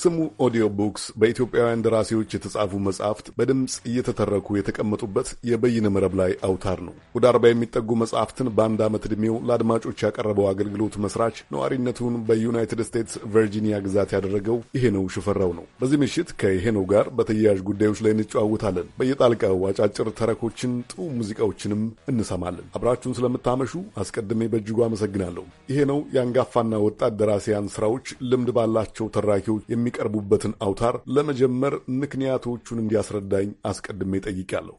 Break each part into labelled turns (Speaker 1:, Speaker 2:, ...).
Speaker 1: ስሙ ኦዲዮ ቡክስ በኢትዮጵያውያን ደራሲዎች የተጻፉ መጽሐፍት በድምፅ እየተተረኩ የተቀመጡበት የበይነ መረብ ላይ አውታር ነው። ወደ አርባ የሚጠጉ መጽሐፍትን በአንድ ዓመት ዕድሜው ለአድማጮች ያቀረበው አገልግሎት መስራች ነዋሪነቱን በዩናይትድ ስቴትስ ቨርጂኒያ ግዛት ያደረገው ይሄነው ሽፈራው ነው። በዚህ ምሽት ከይሄነው ጋር በተያያዥ ጉዳዮች ላይ እንጨዋወታለን። በየጣልቃው አጫጭር ተረኮችን፣ ጥሩ ሙዚቃዎችንም እንሰማለን። አብራችሁን ስለምታመሹ አስቀድሜ በእጅጉ አመሰግናለሁ። ይሄነው የአንጋፋና ወጣት ደራሲያን ስራዎች ልምድ ባላቸው ተራኪዎች የሚ የሚቀርቡበትን አውታር ለመጀመር ምክንያቶቹን እንዲያስረዳኝ አስቀድሜ ጠይቄያለሁ።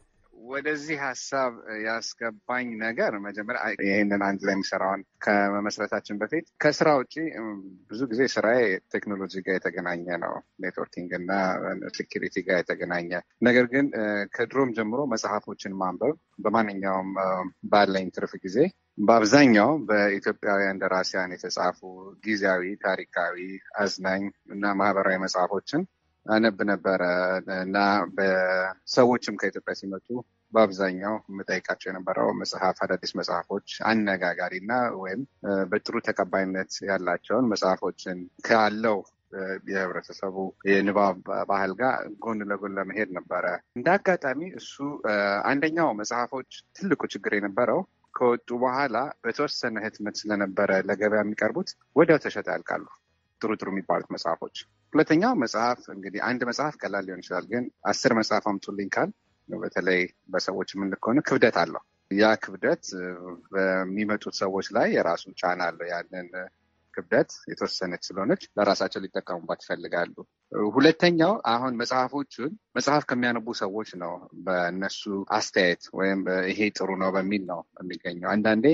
Speaker 2: ወደዚህ ሀሳብ ያስገባኝ ነገር መጀመሪያ ይህንን አንድ ላይ የሚሰራውን ከመመስረታችን በፊት ከስራ ውጭ ብዙ ጊዜ ስራዬ ቴክኖሎጂ ጋር የተገናኘ ነው፣ ኔትወርኪንግ እና ሴኪሪቲ ጋር የተገናኘ ነገር ግን ከድሮም ጀምሮ መጽሐፎችን ማንበብ በማንኛውም ባለኝ ትርፍ ጊዜ
Speaker 1: በአብዛኛው
Speaker 2: በኢትዮጵያውያን ደራሲያን የተጻፉ ጊዜያዊ፣ ታሪካዊ፣ አዝናኝ እና ማህበራዊ መጽሐፎችን አነብ ነበረ እና በሰዎችም ከኢትዮጵያ ሲመጡ በአብዛኛው የምጠይቃቸው የነበረው መጽሐፍ አዳዲስ መጽሐፎች አነጋጋሪ እና ወይም በጥሩ ተቀባይነት ያላቸውን መጽሐፎችን ካለው የህብረተሰቡ የንባብ ባህል ጋር ጎን ለጎን ለመሄድ ነበረ። እንደ አጋጣሚ እሱ አንደኛው መጽሐፎች ትልቁ ችግር የነበረው ከወጡ በኋላ በተወሰነ ህትመት ስለነበረ ለገበያ የሚቀርቡት ወዲያው ተሸጠ ያልቃሉ። ጥሩ ጥሩ የሚባሉት መጽሐፎች። ሁለተኛው መጽሐፍ እንግዲህ አንድ መጽሐፍ ቀላል ሊሆን ይችላል፣ ግን አስር መጽሐፍ አምጡልኝ ካል በተለይ በሰዎች የምንልክ ከሆነ ክብደት አለው። ያ ክብደት በሚመጡት ሰዎች ላይ የራሱ ጫና አለው። ያንን ክብደት የተወሰነች ስለሆነች ለራሳቸው ሊጠቀሙባት ይፈልጋሉ። ሁለተኛው አሁን መጽሐፎቹን መጽሐፍ ከሚያነቡ ሰዎች ነው። በእነሱ አስተያየት ወይም ይሄ ጥሩ ነው በሚል ነው የሚገኘው። አንዳንዴ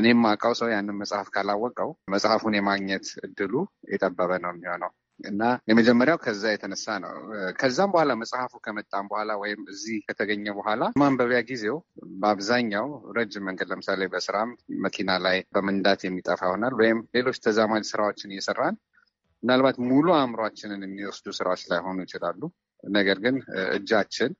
Speaker 2: እኔም አውቀው ሰው ያንን መጽሐፍ ካላወቀው መጽሐፉን የማግኘት እድሉ የጠበበ ነው የሚሆነው። እና የመጀመሪያው ከዛ የተነሳ ነው። ከዛም በኋላ መጽሐፉ ከመጣም በኋላ ወይም እዚህ ከተገኘ በኋላ ማንበቢያ ጊዜው በአብዛኛው ረጅም መንገድ ለምሳሌ በስራም መኪና ላይ በመንዳት የሚጠፋ ይሆናል ወይም ሌሎች ተዛማጅ ስራዎችን እየሰራን ምናልባት ሙሉ አእምሯችንን የሚወስዱ ስራዎች ላይሆኑ ይችላሉ። ነገር ግን እጃችን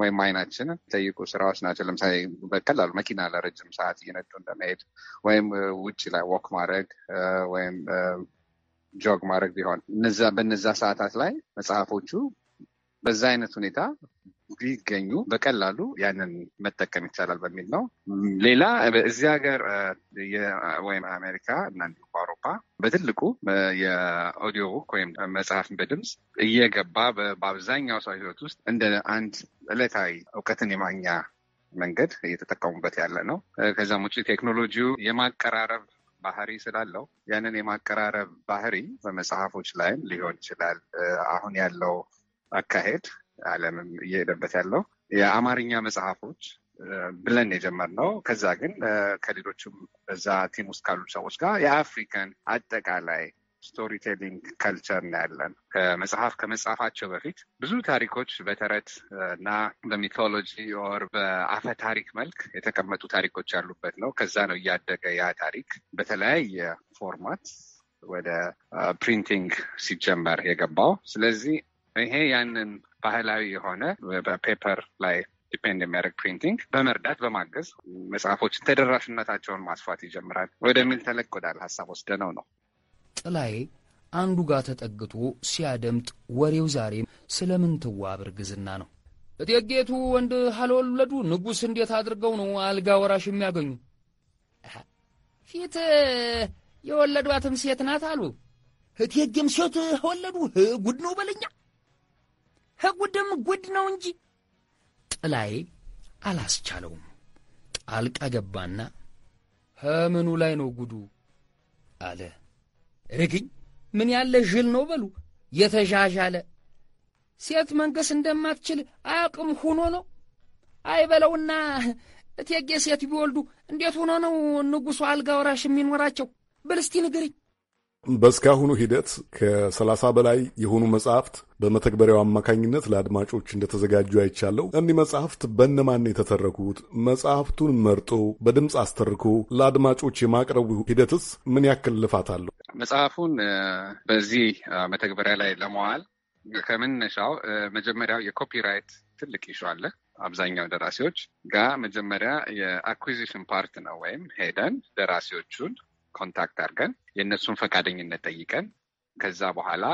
Speaker 2: ወይም አይናችን ጠይቁ ስራዎች ናቸው። ለምሳሌ በቀላሉ መኪና ለረጅም ሰዓት እየነዱ እንደመሄድ ወይም ውጭ ላይ ወክ ማድረግ ወይም ጆግ ማድረግ ቢሆን በነዛ ሰዓታት ላይ መጽሐፎቹ በዛ አይነት ሁኔታ ቢገኙ በቀላሉ ያንን መጠቀም ይቻላል በሚል ነው። ሌላ እዚህ ሀገር ወይም አሜሪካ እና እንዲሁም በትልቁ የኦዲዮ ቡክ ወይም መጽሐፍ በድምፅ እየገባ በአብዛኛው ሰው ህይወት ውስጥ እንደ አንድ ዕለታዊ እውቀትን የማግኛ መንገድ እየተጠቀሙበት ያለ ነው። ከዚም ውጭ ቴክኖሎጂው የማቀራረብ ባህሪ ስላለው ያንን የማቀራረብ ባህሪ በመጽሐፎች ላይም ሊሆን ይችላል። አሁን ያለው አካሄድ ዓለምም እየሄደበት ያለው የአማርኛ መጽሐፎች ብለን የጀመርነው ከዛ ግን ከሌሎችም በዛ ቲም ውስጥ ካሉ ሰዎች ጋር የአፍሪካን አጠቃላይ ስቶሪ ቴሊንግ ካልቸር እናያለን። ከመጽሐፍ ከመጽሐፋቸው በፊት ብዙ ታሪኮች በተረት እና በሚቶሎጂ ኦር በአፈ ታሪክ መልክ የተቀመጡ ታሪኮች ያሉበት ነው። ከዛ ነው እያደገ ያ ታሪክ በተለያየ ፎርማት ወደ ፕሪንቲንግ ሲጀመር የገባው። ስለዚህ ይሄ ያንን ባህላዊ የሆነ በፔፐር ላይ ዲፔንድ የሚያደርግ ፕሪንቲንግ በመርዳት በማገዝ መጽሐፎችን ተደራሽነታቸውን ማስፋት ይጀምራል ወደሚል ተለቅ ወዳል ሀሳብ ወስደነው ነው
Speaker 3: ጥላዬ አንዱ ጋር ተጠግቶ ሲያደምጥ ወሬው ዛሬም ስለ ምንትዋብ እርግዝና ነው። እቴጌቱ ወንድ አልወለዱ ንጉሥ እንዴት አድርገው ነው አልጋ ወራሽ የሚያገኙ? ፊት የወለዷትም ሴት ናት አሉ። እቴጌም ሴት ወለዱ። ጉድ ነው በለኛ። ጉድም ጉድ ነው እንጂ። ጥላዬ አላስቻለውም። ጣልቃ ገባና ከምኑ ላይ ነው ጉዱ አለ። እርግኝ ምን ያለ ዥል ነው በሉ የተዣዣለ ሴት መንገስ እንደማትችል አቅም ሁኖ ነው አይበለውና እቴጌ ሴት ቢወልዱ እንዴት ሆኖ ነው ንጉሡ አልጋ ወራሽ የሚኖራቸው ብል ንግርኝ።
Speaker 1: በእስካሁኑ ሂደት ከሰላሳ በላይ የሆኑ መጽሐፍት በመተግበሪያው አማካኝነት ለአድማጮች እንደተዘጋጁ አይቻለሁ። እኒህ መጽሐፍት በእነማን የተተረኩት? መጽሐፍቱን መርጦ በድምፅ አስተርኮ ለአድማጮች የማቅረቡ ሂደትስ ምን ያክል ልፋት አለው?
Speaker 2: መጽሐፉን በዚህ መተግበሪያ ላይ ለመዋል ከመነሻው መጀመሪያው የኮፒራይት ትልቅ ይሹ አለ። አብዛኛው ደራሲዎች ጋ መጀመሪያ የአኩዚሽን ፓርት ነው ወይም ሄደን ደራሲዎቹን ኮንታክት አድርገን የእነሱን ፈቃደኝነት ጠይቀን ከዛ በኋላ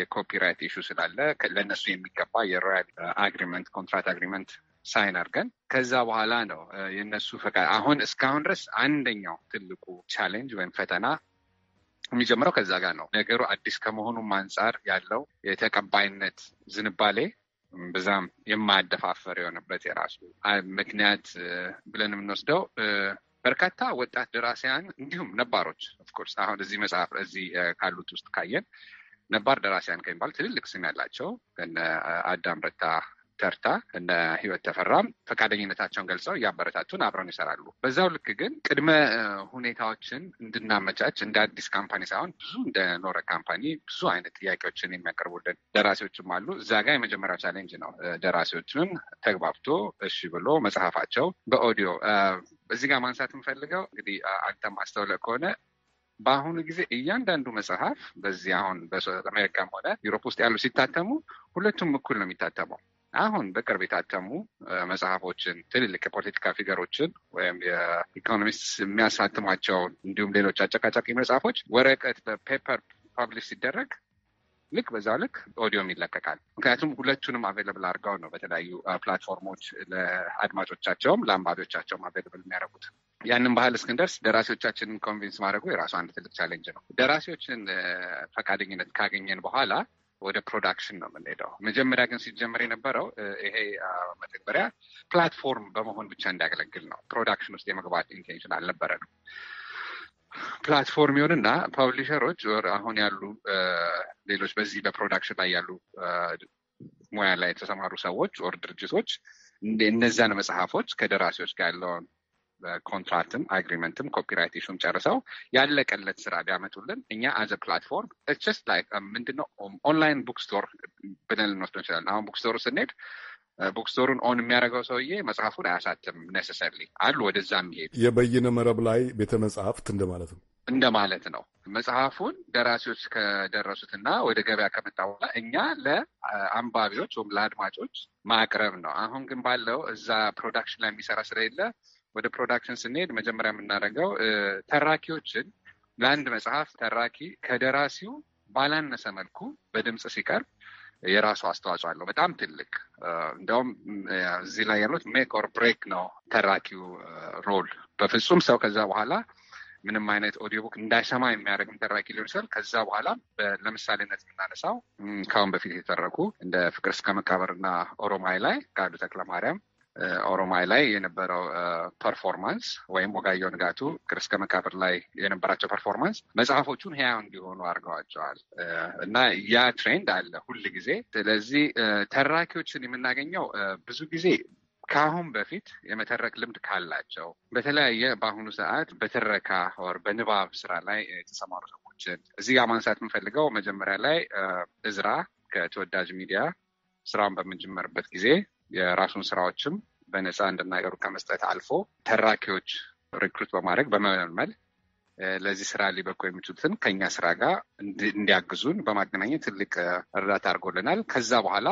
Speaker 2: የኮፒራይት ኢሹ ስላለ ለእነሱ የሚገባ የሮያል አግሪመንት ኮንትራት አግሪመንት ሳይን አድርገን ከዛ በኋላ ነው የእነሱ ፈቃድ። አሁን እስካሁን ድረስ አንደኛው ትልቁ ቻሌንጅ ወይም ፈተና የሚጀምረው ከዛ ጋር ነው። ነገሩ አዲስ ከመሆኑም አንጻር ያለው የተቀባይነት ዝንባሌ በዛም የማያደፋፈር የሆነበት የራሱ ምክንያት ብለን የምንወስደው በርካታ ወጣት ደራሲያን እንዲሁም ነባሮች ኦፍኮርስ አሁን እዚህ መጽሐፍ እዚህ ካሉት ውስጥ ካየን ነባር ደራሲያን ከሚባሉ ትልልቅ ስም ያላቸው ከነ አዳም ረታ ተርታ እነ ህይወት ተፈራም ፈቃደኝነታቸውን ገልጸው እያበረታቱን አብረን ይሰራሉ። በዛው ልክ ግን ቅድመ ሁኔታዎችን እንድናመቻች እንደ አዲስ ካምፓኒ ሳይሆን ብዙ እንደኖረ ካምፓኒ ብዙ አይነት ጥያቄዎችን የሚያቀርቡ ደራሲዎችም አሉ። እዛ ጋር የመጀመሪያው ቻሌንጅ ነው። ደራሲዎችን ተግባብቶ እሺ ብሎ መጽሐፋቸው በኦዲዮ እዚህ ጋር ማንሳት የምፈልገው እንግዲህ አንተም አስተውለ ከሆነ በአሁኑ ጊዜ እያንዳንዱ መጽሐፍ በዚህ አሁን በአሜሪካም ሆነ ዩሮፕ ውስጥ ያሉ ሲታተሙ ሁለቱም እኩል ነው የሚታተመው። አሁን በቅርብ የታተሙ መጽሐፎችን ትልልቅ የፖለቲካ ፊገሮችን ወይም የኢኮኖሚስት የሚያሳትሟቸውን እንዲሁም ሌሎች አጨቃጫቂ መጽሐፎች ወረቀት በፔፐር ፐብሊሽ ሲደረግ ልክ በዛ ልክ ኦዲዮም ይለቀቃል። ምክንያቱም ሁለቱንም አቬለብል አድርገው ነው በተለያዩ ፕላትፎርሞች ለአድማጮቻቸውም ለአንባቢዎቻቸውም አቬለብል የሚያደርጉት። ያንን ባህል እስክንደርስ ደራሲዎቻችንን ኮንቪንስ ማድረጉ የራሱ አንድ ትልቅ ቻሌንጅ ነው። ደራሲዎችን ፈቃደኝነት ካገኘን በኋላ ወደ ፕሮዳክሽን ነው የምንሄደው። መጀመሪያ ግን ሲጀመር የነበረው ይሄ መተግበሪያ ፕላትፎርም በመሆን ብቻ እንዲያገለግል ነው። ፕሮዳክሽን ውስጥ የመግባት ኢንቴንሽን አልነበረ ነው። ፕላትፎርም ይሆንና ፐብሊሸሮች አሁን ያሉ ሌሎች በዚህ በፕሮዳክሽን ላይ ያሉ ሙያ ላይ የተሰማሩ ሰዎች ኦር ድርጅቶች እነዚያን መጽሐፎች ከደራሲዎች ጋር ያለውን ኮንትራክትም አግሪመንትም ኮፒራይቴሽንም ጨርሰው ያለቀለት ስራ ቢያመጡልን እኛ አዘ ፕላትፎርም ስ ምንድነው ኦንላይን ቡክስቶር ብለን ልንወስዶ እንችላለን። አሁን ቡክስቶሩ ስንሄድ ቡክስቶሩን uh, ኦን የሚያደርገው ሰውዬ መጽሐፉን አያሳትም ነሰሰርሊ አሉ። ወደዛ የሚሄዱ
Speaker 1: የበይነ መረብ ላይ ቤተ መጽሐፍት እንደማለት ነው
Speaker 2: እንደማለት ነው። መጽሐፉን ደራሲዎች ከደረሱትና ወደ ገበያ ከመጣ በኋላ እኛ ለአንባቢዎች ወይም ለአድማጮች ማቅረብ ነው። አሁን ግን ባለው እዛ ፕሮዳክሽን ላይ የሚሰራ ስለሌለ ወደ ፕሮዳክሽን ስንሄድ መጀመሪያ የምናደርገው ተራኪዎችን ለአንድ መጽሐፍ ተራኪ ከደራሲው ባላነሰ መልኩ በድምፅ ሲቀርብ የራሱ አስተዋጽኦ አለው። በጣም ትልቅ እንደውም እዚህ ላይ ያሉት ሜክ ኦር ብሬክ ነው ተራኪው ሮል። በፍጹም ሰው ከዛ በኋላ ምንም አይነት ኦዲዮ ቡክ እንዳይሰማ የሚያደርግም ተራኪ ሊሆን ይችላል። ከዛ በኋላ ለምሳሌነት የምናነሳው ከአሁን በፊት የተረኩ እንደ ፍቅር እስከ መቃብር ኦሮማይ ላይ ከአዱ ተክለማርያም ኦሮማይ ላይ የነበረው ፐርፎርማንስ ወይም ወጋየሁ ንጋቱ ክርስ ከመቃብር ላይ የነበራቸው ፐርፎርማንስ መጽሐፎቹን ህያው እንዲሆኑ አድርገዋቸዋል እና ያ ትሬንድ አለ ሁል ጊዜ። ስለዚህ ተራኪዎችን የምናገኘው ብዙ ጊዜ ከአሁን በፊት የመተረክ ልምድ ካላቸው በተለያየ በአሁኑ ሰዓት በትረካ ወር በንባብ ስራ ላይ የተሰማሩ ሰዎችን እዚህ ጋር ማንሳት የምፈልገው መጀመሪያ ላይ እዝራ ከተወዳጅ ሚዲያ ስራውን በምንጀመርበት ጊዜ የራሱን ስራዎችም በነፃ እንደማይቀሩ ከመስጠት አልፎ ተራኪዎች ሪክሩት በማድረግ በመመልመል ለዚህ ስራ ሊበቁ የሚችሉትን ከኛ ስራ ጋር እንዲያግዙን በማገናኘት ትልቅ እርዳታ አድርጎልናል። ከዛ በኋላ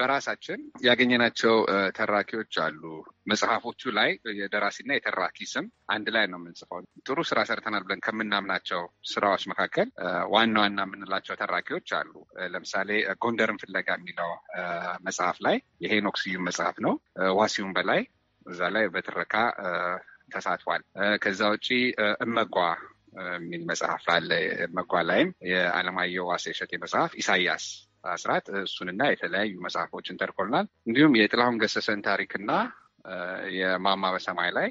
Speaker 2: በራሳችን ያገኘናቸው ተራኪዎች አሉ። መጽሐፎቹ ላይ የደራሲና የተራኪ ስም አንድ ላይ ነው የምንጽፈው። ጥሩ ስራ ሰርተናል ብለን ከምናምናቸው ስራዎች መካከል ዋና ዋና የምንላቸው ተራኪዎች አሉ። ለምሳሌ ጎንደርን ፍለጋ የሚለው መጽሐፍ ላይ የሄኖክ ስዩም መጽሐፍ ነው። ዋሲውን በላይ እዛ ላይ በትረካ ተሳትፏል። ከዛ ውጪ እመጓ የሚል መጽሐፍ አለ። እመጓ ላይም የአለማየሁ ዋሴ እሸቴ መጽሐፍ ኢሳያስ አስራት እሱንና የተለያዩ መጽሐፎችን ተርኮልናል። እንዲሁም የጥላሁን ገሰሰን ታሪክና የማማ በሰማይ ላይ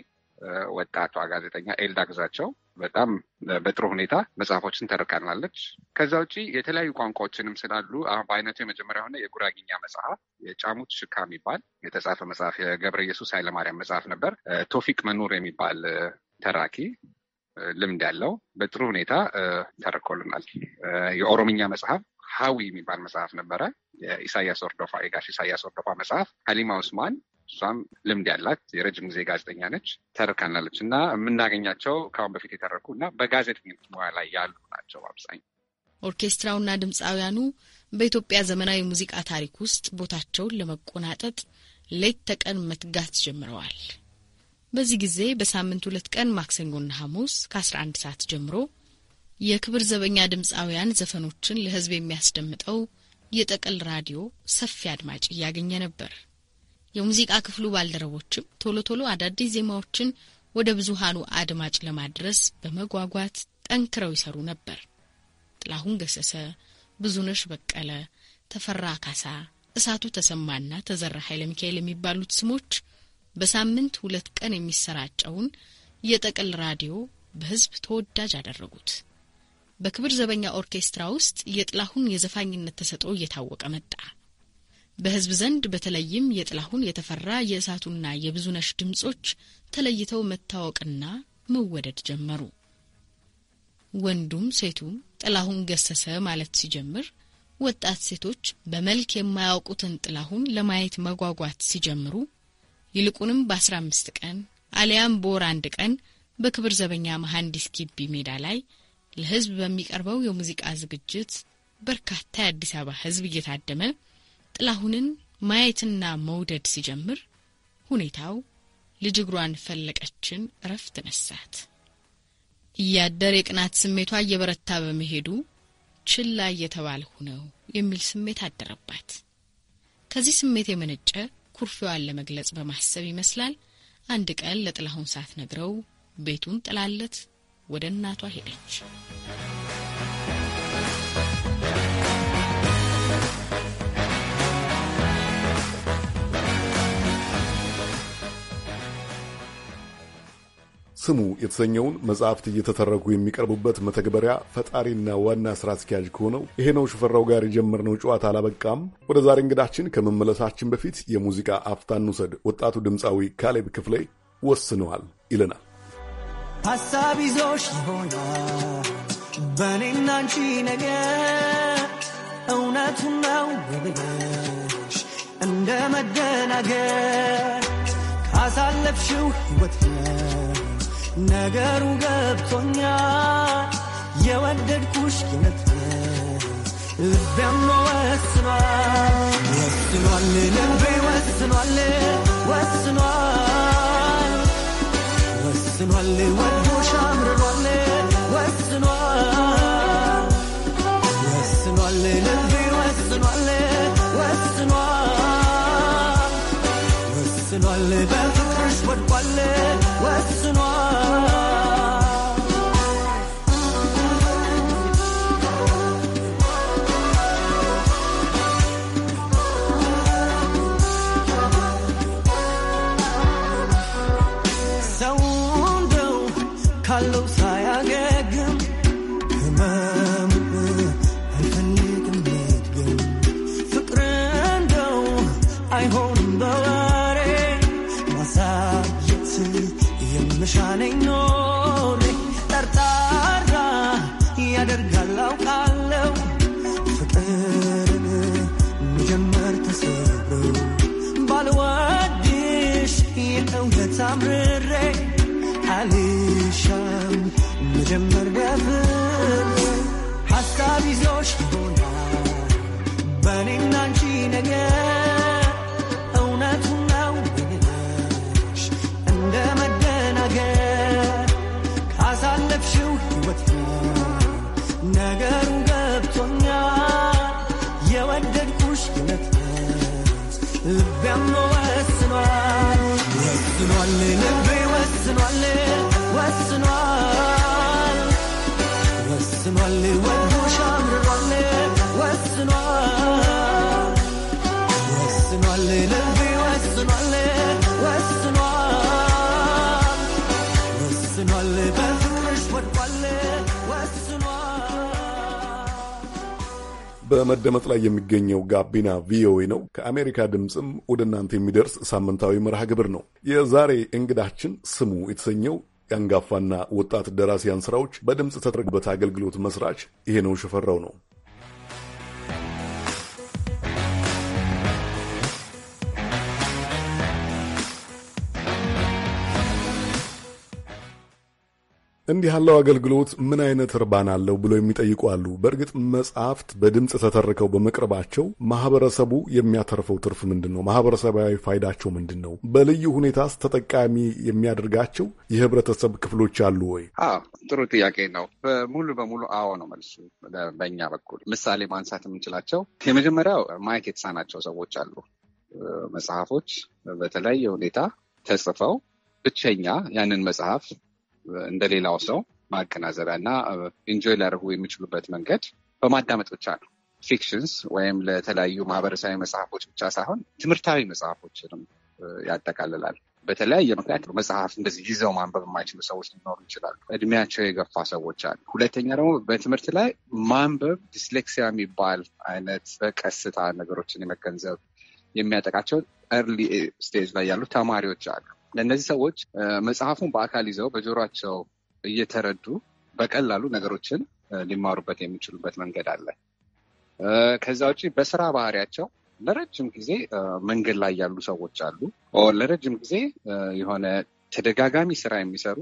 Speaker 2: ወጣቷ ጋዜጠኛ ኤልዳ ግዛቸው በጣም በጥሩ ሁኔታ መጽሐፎችን ተርካናለች። ከዛ ውጭ የተለያዩ ቋንቋዎችንም ስላሉ አሁን በአይነቱ የመጀመሪያ የሆነ የጉራጊኛ መጽሐፍ የጫሙት ሽካ የሚባል የተጻፈ መጽሐፍ የገብረ ኢየሱስ ኃይለማርያም መጽሐፍ ነበር። ቶፊቅ መኖር የሚባል ተራኪ ልምድ ያለው በጥሩ ሁኔታ ተርኮልናል። የኦሮምኛ መጽሐፍ ሀዊ የሚባል መጽሐፍ ነበረ። የኢሳያስ ወርዶፋ የጋሽ ኢሳያስ ወርዶፋ መጽሐፍ ሀሊማ ኡስማን እሷም ልምድ ያላት የረጅም ጊዜ ጋዜጠኛ ነች። ተርካናለች እና የምናገኛቸው ከአሁን በፊት የተረኩ እና በጋዜጠኝነት ሙያ ላይ ያሉ ናቸው። አብዛኛው
Speaker 4: ኦርኬስትራውና ድምፃውያኑ በኢትዮጵያ ዘመናዊ ሙዚቃ ታሪክ ውስጥ ቦታቸውን ለመቆናጠጥ ሌት ተቀን መትጋት ጀምረዋል። በዚህ ጊዜ በሳምንት ሁለት ቀን ማክሰኞና ሐሙስ ከ11 ሰዓት ጀምሮ የክብር ዘበኛ ድምፃውያን ዘፈኖችን ለሕዝብ የሚያስደምጠው የጠቀል ራዲዮ ሰፊ አድማጭ እያገኘ ነበር። የሙዚቃ ክፍሉ ባልደረቦችም ቶሎ ቶሎ አዳዲስ ዜማዎችን ወደ ብዙሃኑ አድማጭ ለማድረስ በመጓጓት ጠንክረው ይሰሩ ነበር። ጥላሁን ገሰሰ፣ ብዙነሽ በቀለ፣ ተፈራ ካሳ፣ እሳቱ ተሰማና ተዘራ ኃይለ ሚካኤል የሚባሉት ስሞች በሳምንት ሁለት ቀን የሚሰራጨውን የጠቅል ራዲዮ በሕዝብ ተወዳጅ አደረጉት። በክብር ዘበኛ ኦርኬስትራ ውስጥ የጥላሁን የዘፋኝነት ተሰጥኦ እየታወቀ መጣ። በህዝብ ዘንድ በተለይም የጥላሁን የተፈራ የእሳቱና የብዙነሽ ድምጾች ተለይተው መታወቅና መወደድ ጀመሩ። ወንዱም ሴቱም ጥላሁን ገሰሰ ማለት ሲጀምር ወጣት ሴቶች በመልክ የማያውቁትን ጥላሁን ለማየት መጓጓት ሲጀምሩ ይልቁንም በአስራ አምስት ቀን አሊያም በወር አንድ ቀን በክብር ዘበኛ መሐንዲስ ግቢ ሜዳ ላይ ለህዝብ በሚቀርበው የሙዚቃ ዝግጅት በርካታ የአዲስ አበባ ህዝብ እየታደመ ጥላሁንን ማየትና መውደድ ሲጀምር ሁኔታው ልጅ እግሯን ፈለቀችን እረፍት ነሳት። እያደር የቅናት ስሜቷ እየበረታ በመሄዱ ችላ እየተባልሁ ነው የሚል ስሜት አደረባት። ከዚህ ስሜት የመነጨ ኩርፌዋን ለመግለጽ በማሰብ ይመስላል አንድ ቀን ለጥላሁን ሳት ነግረው ቤቱን ጥላለት ወደ እናቷ ሄደች።
Speaker 1: ስሙ የተሰኘውን መጽሐፍት እየተተረኩ የሚቀርቡበት መተግበሪያ ፈጣሪና ዋና ስራ አስኪያጅ ከሆነው ይሄነው ሽፈራው ጋር የጀመርነው ጨዋታ አላበቃም። ወደ ዛሬ እንግዳችን ከመመለሳችን በፊት የሙዚቃ አፍታን ውሰድ። ወጣቱ ድምፃዊ ካሌብ ክፍሌ ወስነዋል ይለናል።
Speaker 3: ሀሳብ ይዞሽ ይሆናል በእኔና አንቺ ነገ እውነቱ ነው ብለሽ እንደ መደናገር ካሳለፍሽው ሕይወት ነገሩ ገብቶኛል የወደድኩሽ የመትረስ ልቤም ወስኗል ወስኗል ልቤ ወስኗል ወስኗል ወስኗል ወዶሽ አምርሯል ወስኗል ወስኗል ልቤ ወስኗል ወስኗል ወስኗል
Speaker 1: በመደመጥ ላይ የሚገኘው ጋቢና ቪኦኤ ነው። ከአሜሪካ ድምፅም ወደ እናንተ የሚደርስ ሳምንታዊ መርሃ ግብር ነው። የዛሬ እንግዳችን ስሙ የተሰኘው የአንጋፋና ወጣት ደራሲያን ስራዎች በድምፅ ተደረግበት አገልግሎት መስራች ይሄ ነው ሽፈራው ነው። እንዲህ ያለው አገልግሎት ምን አይነት እርባና አለው ብሎ የሚጠይቁ አሉ። በእርግጥ መጽሐፍት በድምፅ ተተርከው በመቅረባቸው ማህበረሰቡ የሚያተርፈው ትርፍ ምንድን ነው? ማህበረሰባዊ ፋይዳቸው ምንድን ነው? በልዩ ሁኔታስ ተጠቃሚ የሚያደርጋቸው የህብረተሰብ ክፍሎች አሉ ወይ?
Speaker 2: ጥሩ ጥያቄ ነው። ሙሉ በሙሉ አዎ ነው መልሱ። በእኛ በኩል ምሳሌ ማንሳት የምንችላቸው የመጀመሪያው ማየት የተሳናቸው ሰዎች አሉ። መጽሐፎች በተለያየ ሁኔታ ተጽፈው ብቸኛ ያንን መጽሐፍ እንደሌላው ሰው ማቀናዘሪያ እና ኢንጆይ ሊያደርጉ የሚችሉበት መንገድ በማዳመጥ ብቻ ነው። ፊክሽንስ ወይም ለተለያዩ ማህበረሰባዊ መጽሐፎች ብቻ ሳይሆን ትምህርታዊ መጽሐፎችንም ያጠቃልላል። በተለያየ ምክንያት መጽሐፍ እንደዚህ ይዘው ማንበብ የማይችሉ ሰዎች ሊኖሩ ይችላሉ። እድሜያቸው የገፋ ሰዎች አሉ። ሁለተኛ ደግሞ በትምህርት ላይ ማንበብ ዲስሌክሲያ የሚባል አይነት በቀስታ ነገሮችን የመገንዘብ የሚያጠቃቸው ኤርሊ ስቴጅ ላይ ያሉ ተማሪዎች አሉ። ለእነዚህ ሰዎች መጽሐፉን በአካል ይዘው በጆሯቸው እየተረዱ በቀላሉ ነገሮችን ሊማሩበት የሚችሉበት መንገድ አለ። ከዛ ውጭ በስራ ባህሪያቸው ለረጅም ጊዜ መንገድ ላይ ያሉ ሰዎች አሉ። ለረጅም ጊዜ የሆነ ተደጋጋሚ ስራ የሚሰሩ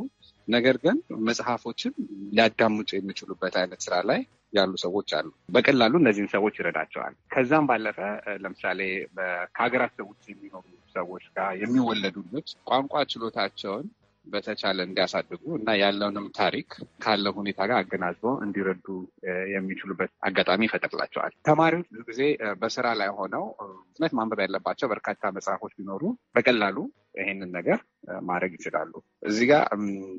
Speaker 2: ነገር ግን መጽሐፎችን ሊያዳምጡ የሚችሉበት አይነት ስራ ላይ ያሉ ሰዎች አሉ። በቀላሉ እነዚህን ሰዎች ይረዳቸዋል። ከዛም ባለፈ ለምሳሌ ከሀገራት ውጭ የሚኖሩ ሰዎች ጋር የሚወለዱ ልጆች ቋንቋ ችሎታቸውን በተቻለ እንዲያሳድጉ እና ያለውንም ታሪክ ካለው ሁኔታ ጋር አገናዝበው እንዲረዱ የሚችሉበት አጋጣሚ ይፈጥርላቸዋል። ተማሪዎች ብዙ ጊዜ በስራ ላይ ሆነው ስነት ማንበብ ያለባቸው በርካታ መጽሐፎች ቢኖሩ በቀላሉ ይሄንን ነገር ማድረግ ይችላሉ። እዚህ ጋር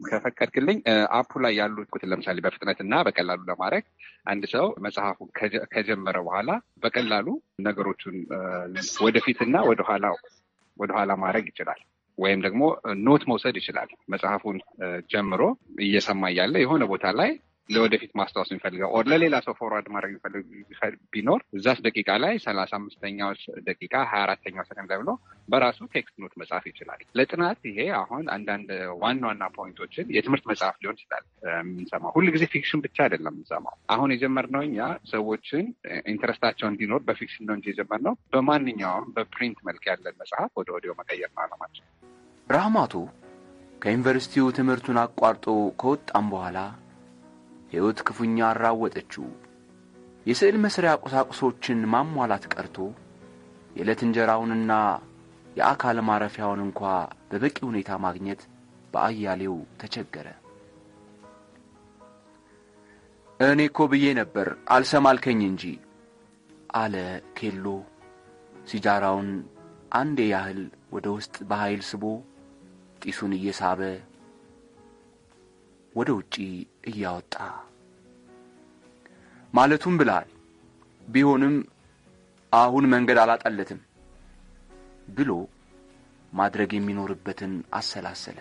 Speaker 2: ከፈቀድክልኝ አፑ ላይ ያሉት ለምሳሌ በፍጥነት እና በቀላሉ ለማድረግ አንድ ሰው መጽሐፉን ከጀመረ በኋላ በቀላሉ ነገሮቹን ወደፊት እና ወደኋላ ወደኋላ ማድረግ ይችላል። ወይም ደግሞ ኖት መውሰድ ይችላል። መጽሐፉን ጀምሮ እየሰማ ያለ የሆነ ቦታ ላይ ለወደፊት ማስታወስ የሚፈልገው ኦር ለሌላ ሰው ፎርዋርድ ማድረግ የሚፈልግ ቢኖር እዛስ ደቂቃ ላይ ሰላሳ አምስተኛው ደቂቃ ሀያ አራተኛው ሰከንድ ላይ ብሎ በራሱ ቴክስት ኖት መጻፍ ይችላል። ለጥናት ይሄ አሁን አንዳንድ ዋና ዋና ፖይንቶችን የትምህርት መጽሐፍ ሊሆን ይችላል የምንሰማው። ሁል ጊዜ ፊክሽን ብቻ አይደለም የምንሰማው። አሁን የጀመርነው እኛ ሰዎችን ኢንትረስታቸው እንዲኖር በፊክሽን ነው እንጂ የጀመርነው በማንኛውም በፕሪንት መልክ ያለን መጽሐፍ ወደ ወዲያው መቀየር ነው አለማቸው። ራህማቱ ከዩኒቨርሲቲው ትምህርቱን አቋርጦ ከወጣም በኋላ ሕይወት ክፉኛ አራወጠችው። የስዕል መሥሪያ ቁሳቁሶችን ማሟላት ቀርቶ የዕለት እንጀራውንና የአካል ማረፊያውን እንኳ በበቂ ሁኔታ ማግኘት በአያሌው ተቸገረ። እኔ እኮ ብዬ ነበር አልሰማልከኝ እንጂ አለ ኬሎ ሲጃራውን አንዴ ያህል ወደ ውስጥ በኃይል ስቦ ጢሱን እየሳበ ወደ ውጪ እያወጣ ማለቱም ብላል ቢሆንም አሁን መንገድ አላጣለትም ብሎ ማድረግ የሚኖርበትን አሰላሰለ።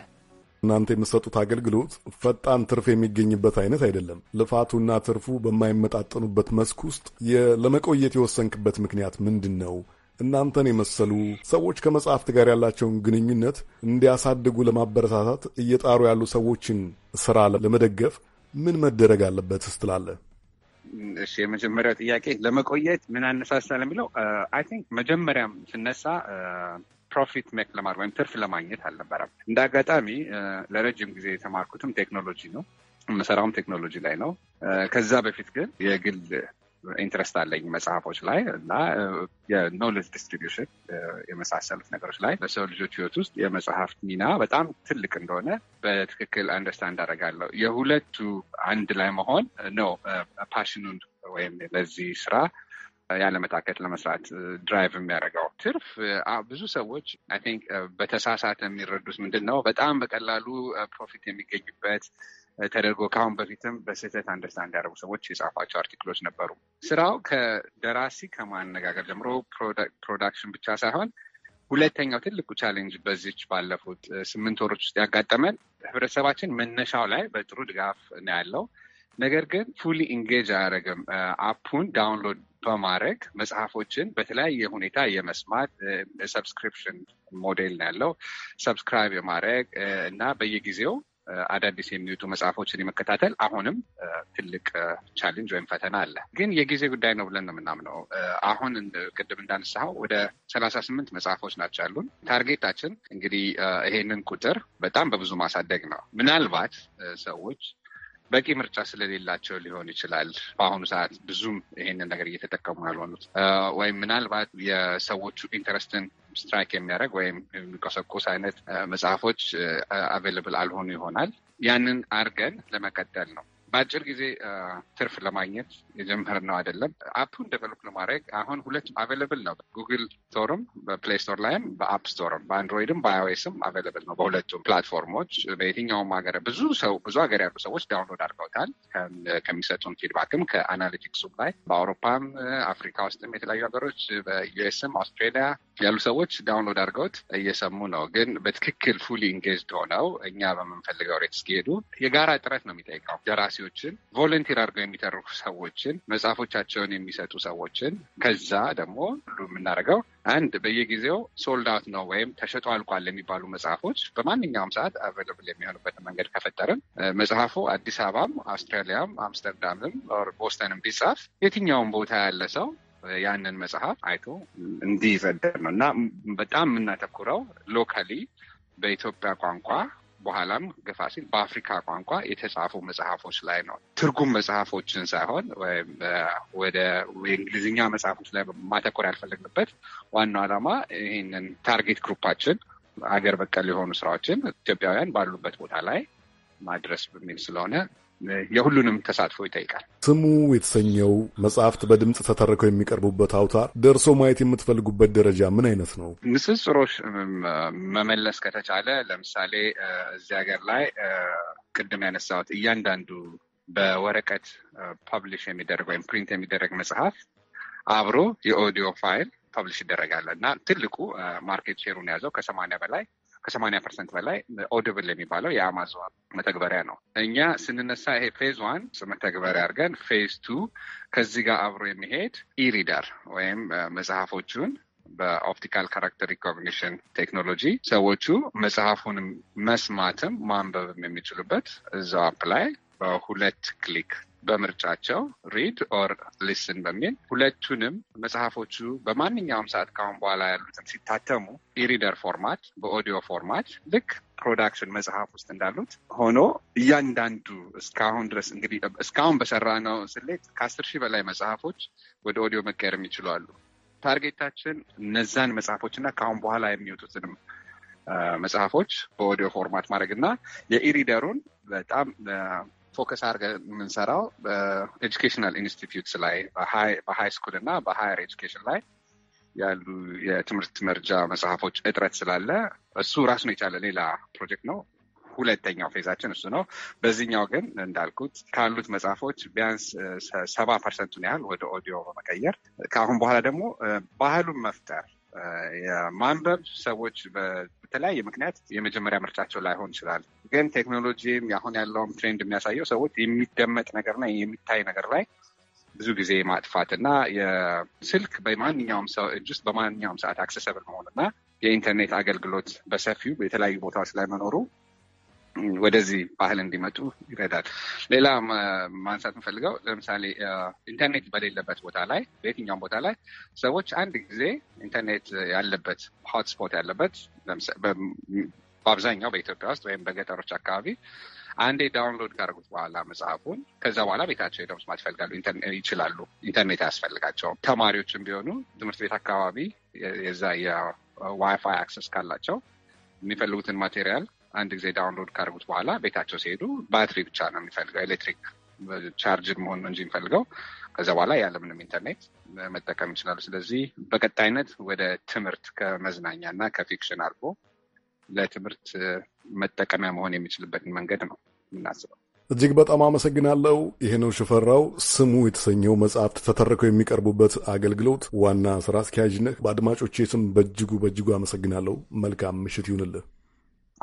Speaker 1: እናንተ የምትሰጡት አገልግሎት ፈጣን ትርፍ የሚገኝበት አይነት አይደለም። ልፋቱና ትርፉ በማይመጣጠኑበት መስክ ውስጥ ለመቆየት የወሰንክበት ምክንያት ምንድን ነው? እናንተን የመሰሉ ሰዎች ከመጽሐፍት ጋር ያላቸውን ግንኙነት እንዲያሳድጉ ለማበረታታት እየጣሩ ያሉ ሰዎችን ስራ ለመደገፍ ምን መደረግ አለበት ስትላለ?
Speaker 2: እሺ የመጀመሪያው ጥያቄ ለመቆየት ምን አነሳሳል የሚለው አይ ቲንክ መጀመሪያም ስነሳ ፕሮፊት ሜክ ለማድረግ ወይም ትርፍ ለማግኘት አልነበረም። እንደ አጋጣሚ ለረጅም ጊዜ የተማርኩትም ቴክኖሎጂ ነው፣ መሰራውም ቴክኖሎጂ ላይ ነው። ከዛ በፊት ግን የግል ኢንትረስት አለኝ መጽሐፎች ላይ እና የኖሌጅ ዲስትሪቢሽን የመሳሰሉት ነገሮች ላይ በሰው ልጆች ህይወት ውስጥ የመጽሐፍ ሚና በጣም ትልቅ እንደሆነ በትክክል አንደርስታንድ አደርጋለሁ። የሁለቱ አንድ ላይ መሆን ነው ፓሽኑን ወይም ለዚህ ስራ ያለመታከት ለመስራት ድራይቭ የሚያደርገው ትርፍ። ብዙ ሰዎች አይ ቲንክ በተሳሳተ የሚረዱት ምንድን ነው በጣም በቀላሉ ፕሮፊት የሚገኝበት ተደርጎ ከአሁን በፊትም በስህተት አንደርስታንድ ያደረጉ ሰዎች የጻፏቸው አርቲክሎች ነበሩ። ስራው ከደራሲ ከማነጋገር ጀምሮ ፕሮዳክሽን ብቻ ሳይሆን ሁለተኛው ትልቁ ቻሌንጅ በዚች ባለፉት ስምንት ወሮች ውስጥ ያጋጠመን ህብረተሰባችን መነሻው ላይ በጥሩ ድጋፍ ነው ያለው። ነገር ግን ፉሊ ኢንጌጅ አያደረግም። አፑን ዳውንሎድ በማድረግ መጽሐፎችን በተለያየ ሁኔታ የመስማት ሰብስክሪፕሽን ሞዴል ነው ያለው። ሰብስክራይብ የማድረግ እና በየጊዜው አዳዲስ የሚወጡ መጽሐፎችን የመከታተል አሁንም ትልቅ ቻሌንጅ ወይም ፈተና አለ። ግን የጊዜ ጉዳይ ነው ብለን ነው የምናምነው። አሁን ቅድም እንዳነሳው ወደ ሰላሳ ስምንት መጽሐፎች ናቸው ያሉን። ታርጌታችን እንግዲህ ይሄንን ቁጥር በጣም በብዙ ማሳደግ ነው። ምናልባት ሰዎች በቂ ምርጫ ስለሌላቸው ሊሆን ይችላል። በአሁኑ ሰዓት ብዙም ይሄንን ነገር እየተጠቀሙ ያልሆኑት ወይም ምናልባት የሰዎቹ ኢንተረስትን ስትራይክ የሚያደርግ ወይም የሚቆሰቁስ አይነት መጽሐፎች አቬለብል አልሆኑ ይሆናል። ያንን አድርገን ለመቀጠል ነው። በአጭር ጊዜ ትርፍ ለማግኘት ነው አይደለም። አፑን ደቨሎፕ ለማድረግ አሁን ሁለት አቬለብል ነው። ጉግል ስቶርም በፕሌይ ስቶር ላይም በአፕ ስቶርም በአንድሮይድም በአይኦኤስም አቬለብል ነው። በሁለቱም ፕላትፎርሞች በየትኛውም ሀገር ብዙ ሰው ብዙ ሀገር ያሉ ሰዎች ዳውንሎድ አድርገውታል። ከሚሰጡን ፊድባክም ከአናሊቲክሱም ላይ በአውሮፓም አፍሪካ ውስጥም የተለያዩ ሀገሮች በዩኤስም አውስትሬሊያ ያሉ ሰዎች ዳውንሎድ አድርገውት እየሰሙ ነው። ግን በትክክል ፉሊ ኢንጌጅድ ሆነው እኛ በምንፈልገው ሬት እስኪሄዱ የጋራ ጥረት ነው የሚጠይቀው ደራሲ ኤጀንሲዎችን ቮለንቲር አድርገው የሚተርፉ ሰዎችን፣ መጽሐፎቻቸውን የሚሰጡ ሰዎችን ከዛ ደግሞ ሁሉ የምናደርገው አንድ በየጊዜው ሶልዳት ነው ወይም ተሸጦ አልቋል የሚባሉ መጽሐፎች በማንኛውም ሰዓት አቬለብል የሚሆኑበት መንገድ ከፈጠርን መጽሐፉ አዲስ አበባም አውስትራሊያም አምስተርዳምም ቦስተንም ቢጻፍ የትኛውም ቦታ ያለ ሰው ያንን መጽሐፍ አይቶ እንዲይዘደር ነው እና በጣም የምናተኩረው ሎካሊ በኢትዮጵያ ቋንቋ በኋላም ገፋ ሲል በአፍሪካ ቋንቋ የተጻፉ መጽሐፎች ላይ ነው። ትርጉም መጽሐፎችን ሳይሆን ወይም ወደ የእንግሊዝኛ መጽሐፎች ላይ ማተኮር ያልፈለግንበት ዋናው ዓላማ ይህንን ታርጌት ግሩፓችን አገር በቀል የሆኑ ስራዎችን ኢትዮጵያውያን ባሉበት ቦታ ላይ ማድረስ በሚል ስለሆነ የሁሉንም ተሳትፎ ይጠይቃል።
Speaker 1: ስሙ የተሰኘው መጽሐፍት በድምፅ ተተርከው የሚቀርቡበት አውታር ደርሶ ማየት የምትፈልጉበት ደረጃ ምን አይነት ነው?
Speaker 2: ንጽጽሮች መመለስ ከተቻለ ለምሳሌ እዚህ ሀገር ላይ ቅድም ያነሳሁት እያንዳንዱ በወረቀት ፐብሊሽ የሚደረግ ወይም ፕሪንት የሚደረግ መጽሐፍ አብሮ የኦዲዮ ፋይል ፐብሊሽ ይደረጋል እና ትልቁ ማርኬት ሼሩን ያዘው ከሰማንያ በላይ ከሰማኒያ ፐርሰንት በላይ ኦድብል የሚባለው የአማዞን መተግበሪያ ነው። እኛ ስንነሳ ይሄ ፌዝ ዋን መተግበሪያ አድርገን ፌዝ ቱ ከዚህ ጋር አብሮ የሚሄድ ኢሪደር ወይም መጽሐፎቹን በኦፕቲካል ካራክተር ሪኮግኒሽን ቴክኖሎጂ ሰዎቹ መጽሐፉን መስማትም ማንበብም የሚችሉበት እዛው አፕላይ በሁለት ክሊክ በምርጫቸው ሪድ ኦር ሊስን በሚል ሁለቱንም መጽሐፎቹ በማንኛውም ሰዓት ካሁን በኋላ ያሉትን ሲታተሙ ኢሪደር ፎርማት በኦዲዮ ፎርማት ልክ ፕሮዳክሽን መጽሐፍ ውስጥ እንዳሉት ሆኖ እያንዳንዱ እስካሁን ድረስ እንግዲህ እስካሁን በሰራ ነው ስሌት ከአስር ሺህ በላይ መጽሐፎች ወደ ኦዲዮ መቀየር የሚችሉ አሉ። ታርጌታችን እነዛን መጽሐፎች እና ከአሁን በኋላ የሚወጡትንም መጽሐፎች በኦዲዮ ፎርማት ማድረግ እና የኢሪደሩን በጣም ፎከስ አድርገን የምንሰራው ኤጁኬሽናል ኢንስቲትዩትስ ላይ በሃይ ስኩል እና በሃየር ኤጁኬሽን ላይ ያሉ የትምህርት መርጃ መጽሐፎች እጥረት ስላለ እሱ ራሱን የቻለ ሌላ ፕሮጀክት ነው። ሁለተኛው ፌዛችን እሱ ነው። በዚህኛው ግን እንዳልኩት ካሉት መጽሐፎች ቢያንስ ሰባ ፐርሰንቱን ያህል ወደ ኦዲዮ በመቀየር ከአሁን በኋላ ደግሞ ባህሉን መፍጠር የማንበብ ሰዎች በተለያየ ምክንያት የመጀመሪያ ምርጫቸው ላይሆን ይችላል። ግን ቴክኖሎጂም አሁን ያለውም ትሬንድ የሚያሳየው ሰዎች የሚደመጥ ነገርና የሚታይ ነገር ላይ ብዙ ጊዜ ማጥፋት እና የስልክ በማንኛውም ሰው እጅ ውስጥ በማንኛውም ሰዓት አክሰሰብል መሆን እና የኢንተርኔት አገልግሎት በሰፊው የተለያዩ ቦታዎች ላይ መኖሩ ወደዚህ ባህል እንዲመጡ ይረዳል። ሌላ ማንሳት የምፈልገው ለምሳሌ ኢንተርኔት በሌለበት ቦታ ላይ በየትኛውም ቦታ ላይ ሰዎች አንድ ጊዜ ኢንተርኔት ያለበት ሆትስፖት ያለበት በአብዛኛው በኢትዮጵያ ውስጥ ወይም በገጠሮች አካባቢ አንዴ ዳውንሎድ ካደረጉት በኋላ መጽሐፉን ከዛ በኋላ ቤታቸው ሄደው መስማት ይፈልጋሉ ይችላሉ። ኢንተርኔት አያስፈልጋቸውም። ተማሪዎችም ቢሆኑ ትምህርት ቤት አካባቢ የዛ የዋይፋይ አክሰስ ካላቸው የሚፈልጉትን ማቴሪያል አንድ ጊዜ ዳውንሎድ ካርጉት በኋላ ቤታቸው ሲሄዱ ባትሪ ብቻ ነው የሚፈልገው ኤሌክትሪክ ቻርጅ መሆን ነው እንጂ የሚፈልገው ከዛ በኋላ ያለምንም ኢንተርኔት መጠቀም ይችላሉ። ስለዚህ በቀጣይነት ወደ ትምህርት ከመዝናኛ እና ከፊክሽን አልፎ ለትምህርት መጠቀሚያ መሆን የሚችልበትን መንገድ ነው የምናስበው።
Speaker 1: እጅግ በጣም አመሰግናለሁ። ነው ሽፈራው ስሙ የተሰኘው መጽሐፍት ተተርከው የሚቀርቡበት አገልግሎት ዋና ስራ አስኪያጅ ነህ። በአድማጮቼ ስም በእጅጉ በእጅጉ አመሰግናለሁ። መልካም ምሽት ይሁንልህ።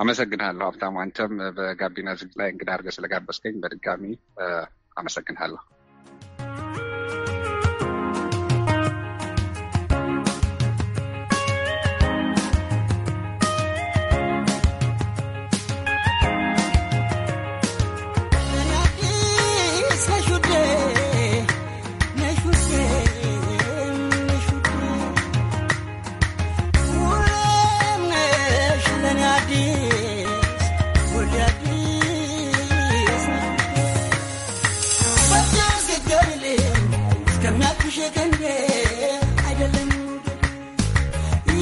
Speaker 2: አመሰግንሃለሁ ሀብታሙ። አንተም በጋቢና ዝግ ላይ እንግዳ አድርገህ ስለጋበዝከኝ በድጋሚ አመሰግንሃለሁ።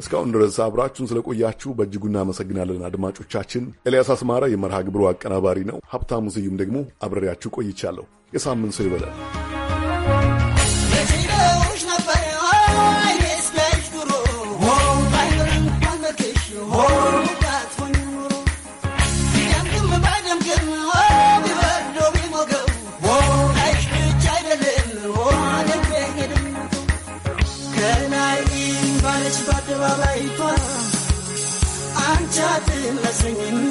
Speaker 1: እስካሁን ድረስ አብራችሁን ስለቆያችሁ በእጅጉ እናመሰግናለን አድማጮቻችን። ኤልያስ አስማራ የመርሃ ግብሩ አቀናባሪ ነው። ሀብታሙ ስዩም ደግሞ አብረሪያችሁ ቆይቻለሁ። የሳምንት ሰው ይበላል።
Speaker 3: you.